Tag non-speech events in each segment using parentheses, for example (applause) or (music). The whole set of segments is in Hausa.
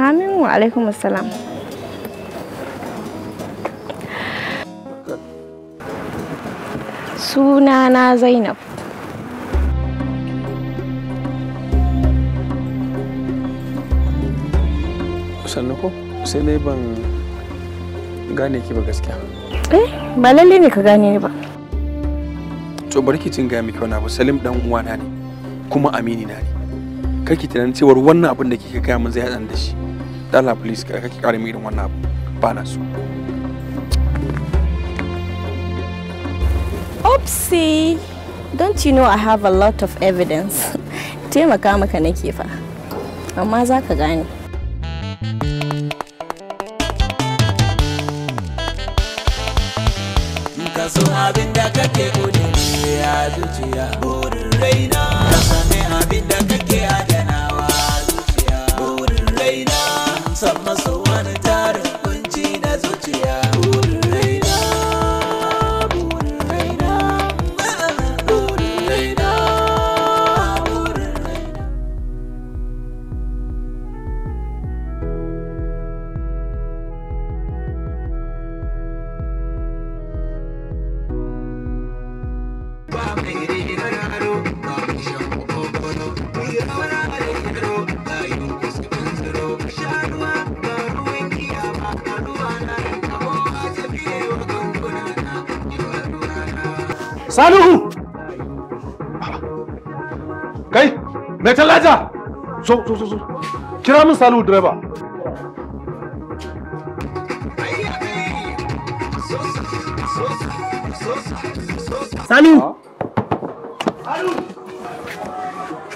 Amin wa alaikum assalam. Sunana Zainab. sannu ko sai dai ban gane ki ba gaskiya eh ba lalle ne ka gane ni ba to barki cin ga miki wani abu salim dan uwana ne kuma amini na ne kake tunanin cewar wannan abin da kika gaya min zai hadan da shi dala please ka kake kare irin wannan abu ba na so Opsi, don't you know I have a lot of evidence? (laughs) Taimaka maka nake fa, amma za ka gane. Ka abin kake ƙudiri ya zuciya burin raina. Salihu! Kai, mai talaja! So, so, so, so. Kira min Salihu direba. Salihu! Ah.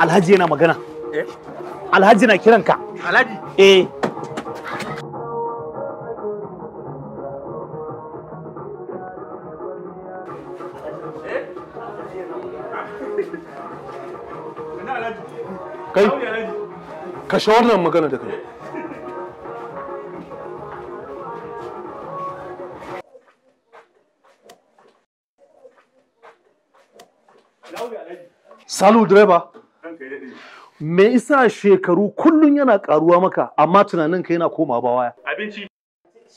Alhaji yana magana. Eh? Alhaji na kiranka. Alhaji? Eh. kai ka sha wannan magana da kai salu direba me isa shekaru kullum yana karuwa maka amma tunanin ka yana koma ba waya abinci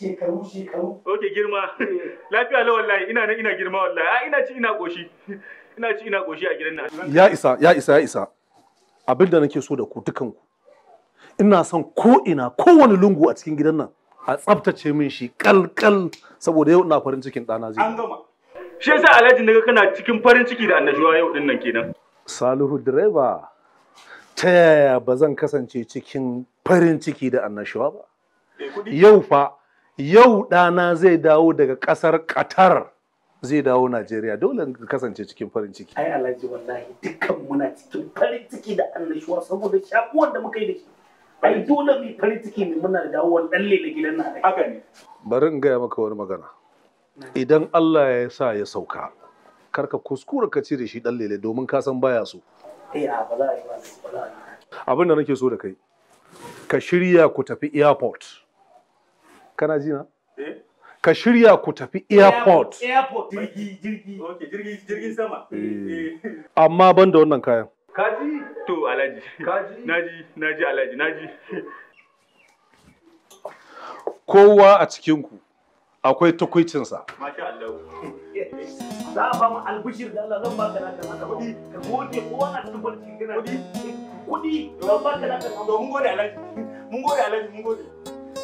shekaru shekaru oke girma lafiya la wallahi ina nan ina girma wallahi a ah, ina ci ina koshi ina ci ina koshi a gidan nan ya isa ya isa ya isa abin da nake so da ku dukanku ina son ko ina kowane lungu a cikin gidan nan a tsaftace min shi kalkal saboda yau ina farin cikin ɗana zai. An gama. Shi yasa Alhaji naga kana cikin farin ciki da annashuwa yau din nan kenan. Salihu direba ta yaya ba zan kasance cikin farin ciki da annashuwa ba? Yau fa yau ɗana zai dawo daga ƙasar Qatar. zai dawo Najeriya dole kasance cikin farin ciki. Ai Alhaji wallahi dukkan muna cikin farin ciki da annashuwa saboda shakuwar da muka yi da shi. Ai dole mu farin ciki ne, muna da dawowar dan lele gidan nan. Haka ne. Bari in gaya maka wani magana. Idan Allah ya sa ya sauka karka kuskura ka cire shi dan lele domin ka san baya so. Eh a ba za a yi ba. Abin da nake so da kai. Ka shirya ku tafi airport. Kana ji na? Eh. ka shirya ku tafi airport airport jirgi jirgi Ok, jirgi jirgin sama eh. Eh. amma ban da wannan kayan kaji to alhaji kaji naji naji alhaji naji kowa a cikin ku akwai takwicinsa masha Allah za a ba mu albishir da Allah zan ba ka lafiya haka kudi ka gode ko na cikin barci kana kudi kudi zan ba ka baka lafiya mun gode alhaji mun gode alhaji mun gode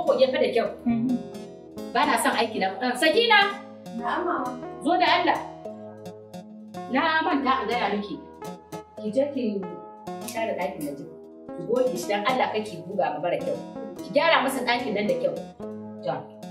ko ya fa da kyau hmm. ba na son aiki na sakina Na'ama. zo da Allah na manta a gaya miki ki je ki share ɗakin nan ki goge shi dan Allah kake buga ba bara kyau ki gyara masa ɗakin nan da kyau to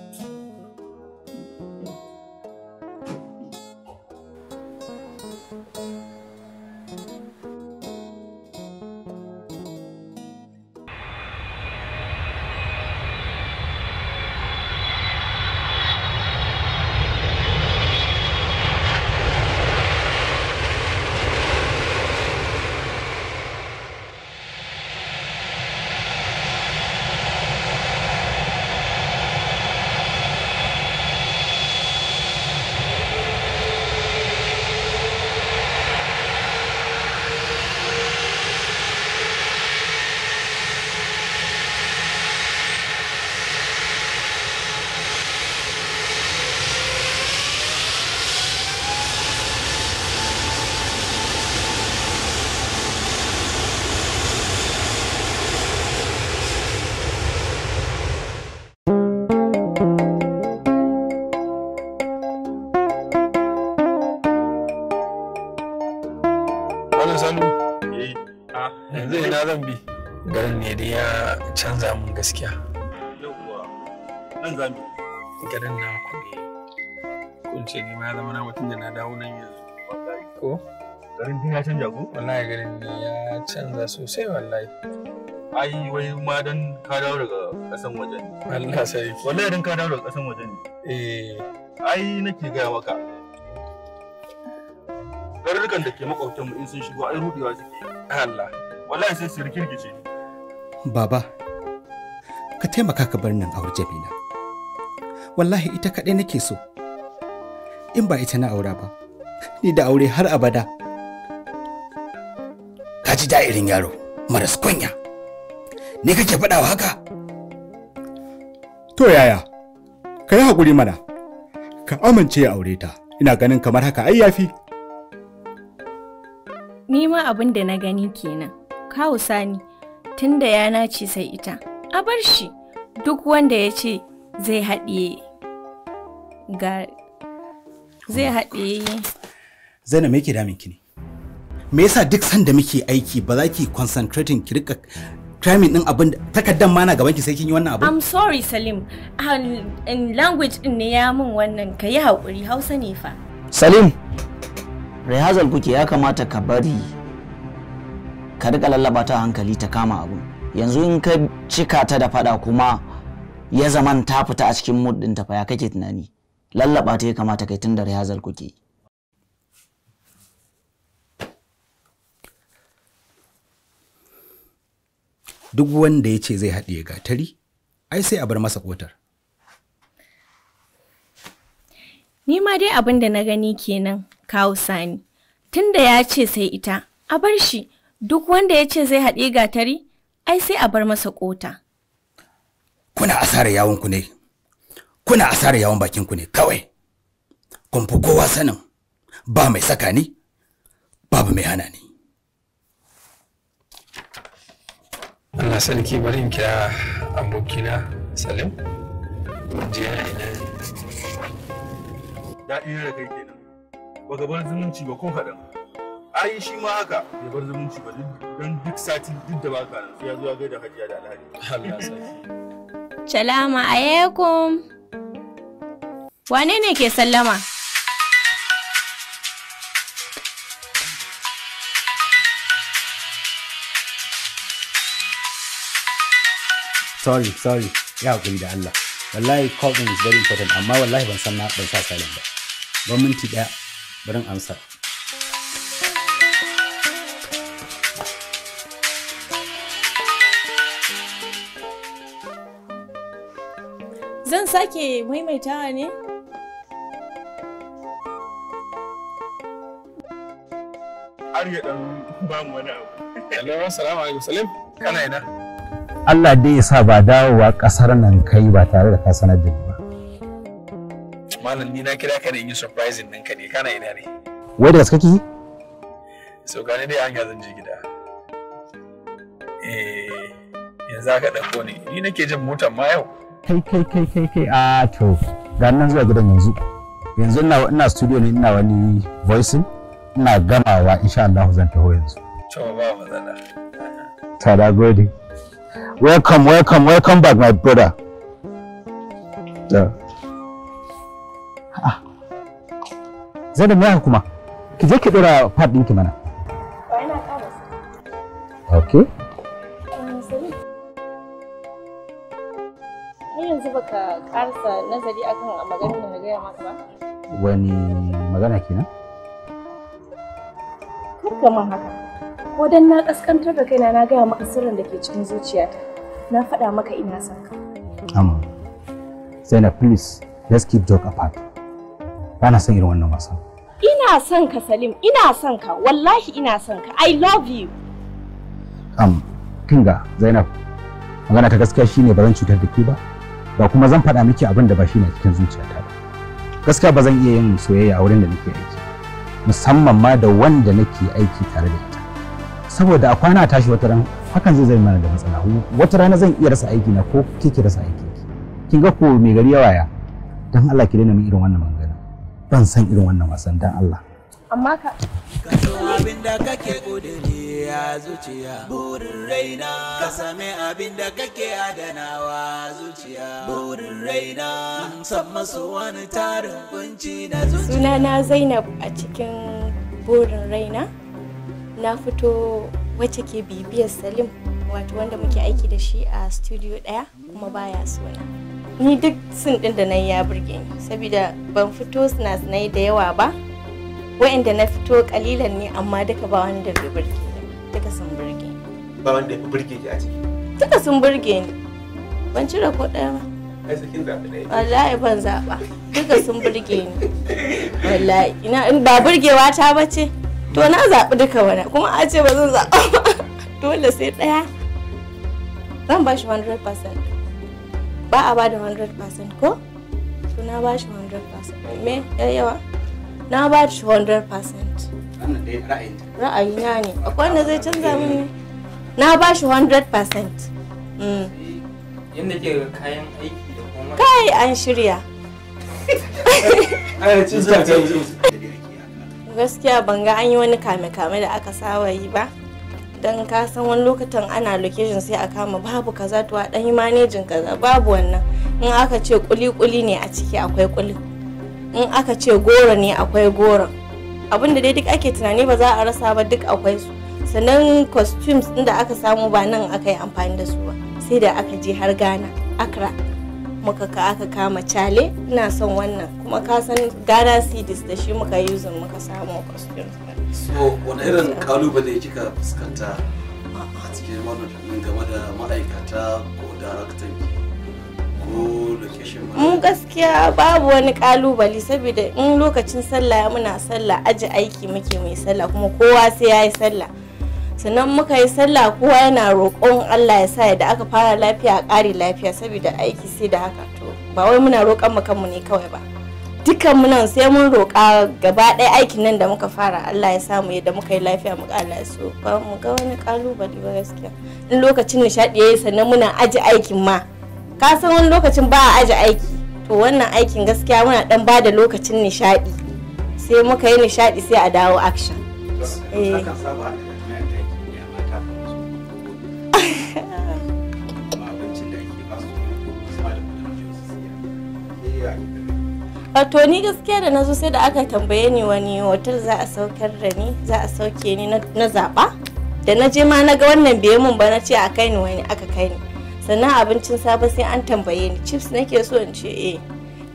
yanzu ina zan bi garin ne da ya canza mun gaskiya yauwa nan zan bi garin na kuɗi kunce ne ma zama na mutum da na dawo nan yanzu ko garin din ya canza ko wallahi garin ne ya canza sosai wallahi ai wai ma dan ka dawo daga kasan waje ne Allah sai wallahi dan ka dawo daga kasan waje ne eh ai nake gaya maka garurrukan da ke makwabtan mu in sun shigo ai rudewa suke Allah wallahi sai su rikirkice baba ka taimaka ka bar nan aure jamila wallahi ita kaɗai nake so in ba ita na aura ba ni da aure har abada ka ji da'irin yaro maras kunya ne kake faɗawa haka to yaya ka yi haƙuri mana ka amince ya aure ta ina ganin kamar haka ai yafi ni ma abin da na gani kenan kawu sani tun da ya nace sai ita a bar shi duk wanda ya ce zai haɗiye ga zai haɗiye zainab na ke damin ne me yasa duk sanda muke aiki ba za ki concentrating ki rika timing din abin takaddan ma na gaban ki sai kin yi wannan abin I'm sorry Salim in language din ne ya min wannan ka yi hakuri Hausa ne fa Salim Rehazal kuke ya kamata ka bari ka rika lallaba ta hankali ta kama abu yanzu in ka cika ta da fada kuma ya zaman ta fita a cikin mood ɗinta fa ya kake tunani lallaba ta ya kamata kai tun da rihazal kuke duk wanda ya ce zai haɗiye gatari ai sai a bar masa kotar ni ma dai abin da na gani kenan kawo sani tun da ya ce sai ita a bar shi Duk wanda ya ce zai haɗe gatari, ai sai a bar masa ƙota. Kuna asara yawon ku ne, kuna asara yawon bakin ku ne kawai. Kun fi kowa sanin ba mai saka ni, babu mai hana ni. Allah sarki bari in kira abokina Salim. Jiya ina. Daɗi iya da kai kenan. Ba gaban zumunci ba ko kaɗan. ai shi ma haka ya bar zumunci ba don duk sati duk da baka nan sai ya zo ga da hajiya da alhaji Allah sarki salamu alaikum wane ne ke sallama sorry sorry ya hakuri da Allah wallahi call is very important amma wallahi ban san na ban sa silent ba ban minti daya barin amsa Zan sake maimaitawa ne? Har ya ɗan ba mu wani abu. Hello, alaikum Salim. Kana ina? Allah dai ya sa ba dawowa ƙasar nan kai ba tare da ka sanar da ni ba. Malam ni na kira ka da yin surprising din ka ne kana ina ne? Wai da gaske kiki? So gane dai hanya zan je gida. Eh, yanzu aka ɗauko ni, Ni nake jin motar ma yau. kai kai kai kai kai a ah, to ga nan zuwa gidan yanzu yanzu ina ina studio ne ina wani voicing ina gamawa insha Allah zan taho yanzu to ba matsala ta da gode welcome welcome welcome back my brother zai da mai ah. kuma ki je ki dora pad ɗinki mana Ok. yanzu baka karsa nazari akan maganar da na gaya maka ba wani magana kenan kar man haka ko dan na kaskantar da kaina na gaya maka sirrin da ke cikin zuciyata na faɗa maka ina son ka am Zainab please let's keep joke apart ba na son irin wannan wasan ina son ka Salim ina son ka wallahi ina son ka I love you am kinga Zainab magana ta gaskiya shine ba cutar da ke ba ba kuma zan faɗa miki abin da ba shi ne cikin zuciyata ba gaskiya ba zan iya yin soyayya a wurin da nake aiki musamman ma da wanda nake aiki tare da ita saboda a kwana tashi wata ran hakan zai zama mana da matsala wata rana zan iya rasa aiki na ko kike rasa aiki kin ga ko mai gari ya dan Allah ki daina min irin wannan magana ban san irin wannan wasan dan Allah amma ka abin da kake kudiri a zuciya burin raina ka same abin da kake adanawa zuciya burin raina san masu wani tarin kunci na zuciya sunana zainab a cikin burin raina na fito wacce ke bibiyar salim wato wanda muke aiki da shi a studio daya kuma baya suna ni duk sun din da na yi ya burge ni saboda ban fito sinasnai da yawa ba wa'inda na fito kalilan ne amma duka ba wanda bai burge ni duka sun burge ni ba wanda ya burge ki a ciki duka sun burge ni ban cire ko ɗaya ba ai sakin zaɓi ɗaya wallahi ban zaɓa duka sun burge ni wallahi ina in ba burgewa ta bace to na zaɓi duka wani kuma a ce ba zan zaɓa ba dole sai ɗaya zan ba shi 100% ba a ba da 100% ko? to na ba shi 100% me yawa na ba shi 100% ra'ayina ne akwai wanda zai canza mini na ba shi 100% mm. eh, yadda ke kayan aiki da kuma kai an shirya (laughs) gaskiya ban ga an yi wani kame-kame da aka saba yi ba don ka san wani lokacin ana location sai a kama babu kaza to a ɗan yi manejin kaza babu wannan in aka ce kuli-kuli ne a ciki akwai kuli in aka ce goro ne akwai goron abinda dai duk ake tunani ba za a rasa ba duk akwai su sannan costumes din da aka samu ba nan aka yi amfani da su ba sai da aka je har ghana accra muka ka aka kama cale ina son wannan kuma ka san ghana cities da shi muka yi muka samu costumes so wani irin kalubale kika fuskanta a cikin wannan game da ma'aikata ko daraktan mu gaskiya babu wani kalubale saboda in lokacin sallah muna sallah aji aiki muke mai sallah kuma kowa sai ya yi sallah sannan muka yi sallah kowa yana roƙon allah ya sa da aka fara lafiya a ƙari lafiya saboda aiki sai da haka to ba wai muna roƙon mu kanmu ne kawai ba dukkan mu nan sai mun roƙa gaba ɗaya aikin nan da muka fara Allah ya samu yadda muka yi lafiya mu ƙala so ba mu ga wani kalubale ba gaskiya in lokacin nishaɗi yayi sannan muna aji aikin ma ka san wani lokacin ba a aji aiki to wannan aikin gaskiya muna dan ba da lokacin nishadi sai muka yi nishadi sai a dawo action wato eh. eh, ni gaskiya da na zo sai da aka tambaye ni wani hotel za a saukar da ni za a sauke ni na zaɓa da na je ma na ga wannan biye mun ba na ce a kai ni wani aka kai ni sannan abincin safe sai an tambaye ni chips nake so in ce eh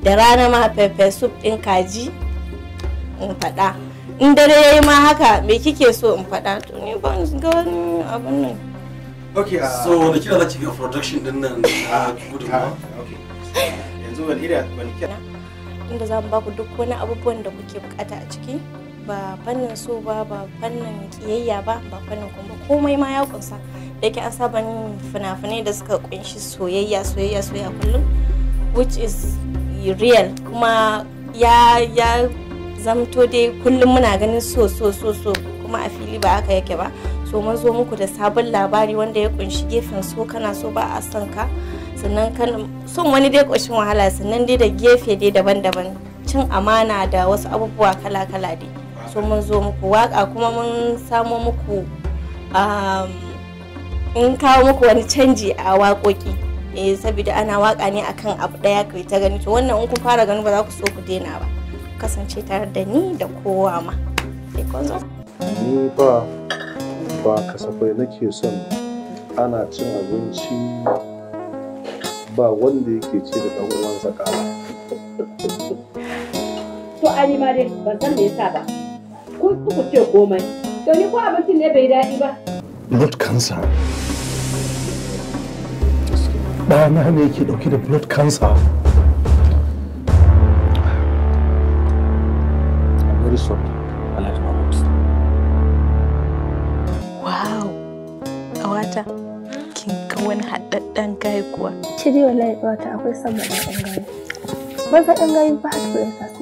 da rana ma pepper soup din kaji in faɗa in dare yayi ma haka me kike so in faɗa to ni ban ga wani abin nan okay uh, so da kira zaki ga production din nan na ah, gudunmawa ah, okay yanzu wani iri wani kira inda za mu ba ku duk wani abubuwan da kuke bukata a ciki ba fannin so ba ba fannin kiyayya ba ba fannin kuma komai ma ya kunsa da yake an fina-finai da suka kunshi soyayya soyayya soyayya kullum which is real kuma ya ya zamto dai kullum muna ganin so so so so kuma a fili ba aka yake ba so mun zo muku da sabon labari wanda ya kunshi gefen so kana so ba a son ka sannan kan son wani dai ƙoshin wahala sannan dai da gefe dai daban-daban cin amana da wasu abubuwa kala-kala dai to mun zo muku waka kuma mun samo muku in um, kawo muku wani canji a waƙoƙi eh saboda ana waka ne akan abu daya kai ta gani to wannan in ku fara gani ba za ku so ku daina ba kasance tare da ni da kowa ma sai kun zo ni ba ba kasafai nake son ana cin abinci ba wanda yake ce da ɗan uwansa kala to ani ma dai ban san me yasa ba ko ku ce komai to ni ko abincin ne bai daɗi ba blood cancer ɗana ne yake ɗauke da blood cancer I'm very sorry I my Mahmud. Wow! Kawata, kin ga wani haɗaɗɗen gayi kuwa. Shi dai wallahi kawata akwai son baɗin ɗan gayi. Maza ɗan gayi ba haka ya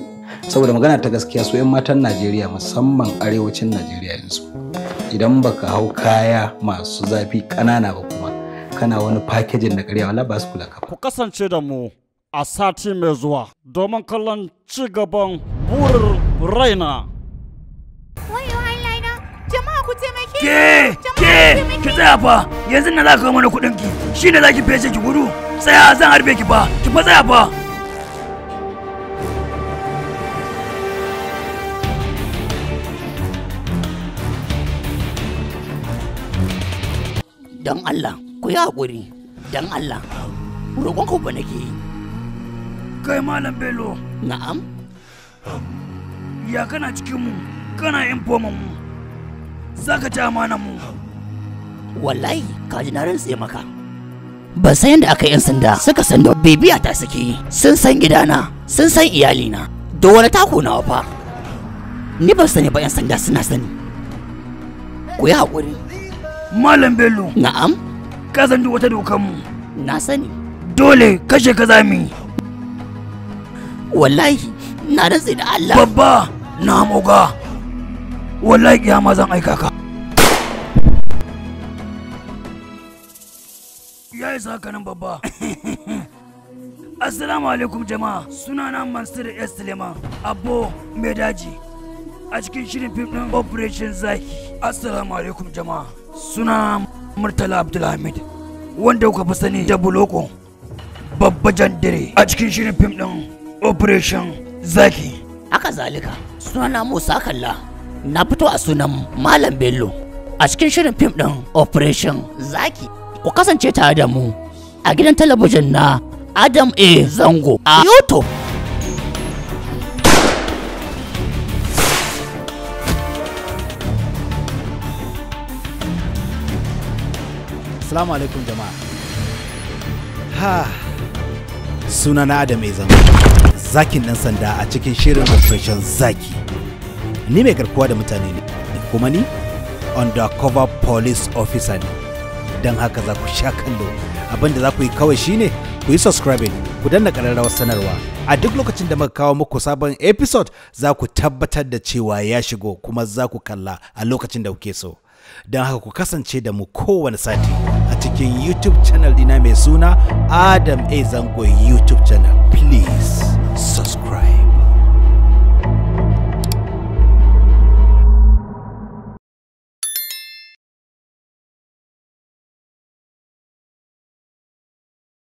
saboda magana ta gaskiya su 'yan matan najeriya musamman arewacin najeriya yanzu idan baka hau kaya masu zafi kanana ba kuma kana wani fakejin na karya wala ba su kula ka ku kasance da mu a sati mai zuwa domin kallon ci gaban burin raina ke ke ki tsaya fa yanzu na za ka mana kuɗin ki shi ne za ki fece ki gudu tsaya zan harbe ki fa ki fa tsaya fa don Allah ku yi haƙuri don Allah roƙon ku ba nake yi kai malam bello na'am ya kana cikin mu kana yin foman mu za ka ci amanan mu wallahi kaji na rantse maka ban san yadda aka yan sanda suka san bibiya ta suke yi sun san gidana sun san iyalina da wani tako nawa fa ni ban sani ba yan sanda suna sani ku yi haƙuri Malam Bello. Na'am. Ka san duk wata dokar mu. Na sani. Dole kashe ka zami. Wallahi na rantsi da Allah. Babba na moga. Wallahi kiyama zan aika ka. Ya isa ka nan babba. (laughs) Assalamu alaikum jama'a sunana Mansur S. Suleiman Abbo mai daji a cikin shirin fim ɗin Operation Zaki. Assalamu alaikum jama'a. suna murtala abdulhamid wanda kuka fi sani da buloko babba jandire a cikin shirin fim din operation zaki haka zalika sunana musa kalla na fito a sunan malam bello a cikin shirin fim din operation zaki ku kasance tare da mu a gidan talabijin na adam a zango a youtube Assalamu alaikum jama'a. Ha suna na da mai zama zakin dan sanda a cikin shirin Operation Zaki. Ni mai garkuwa da mutane ne kuma ni undercover police officer ne. Don haka za ku sha kallo abinda za ku yi kawai shine ku yi subscribing ku danna ƙararrawar sanarwa a duk lokacin da muka kawo muku sabon episode za ku tabbatar da cewa ya shigo kuma za ku kalla a lokacin da kuke so. don haka ku kasance da mu kowane sati a cikin YouTube channel dina mai suna Adam A Zango YouTube channel. Please subscribe.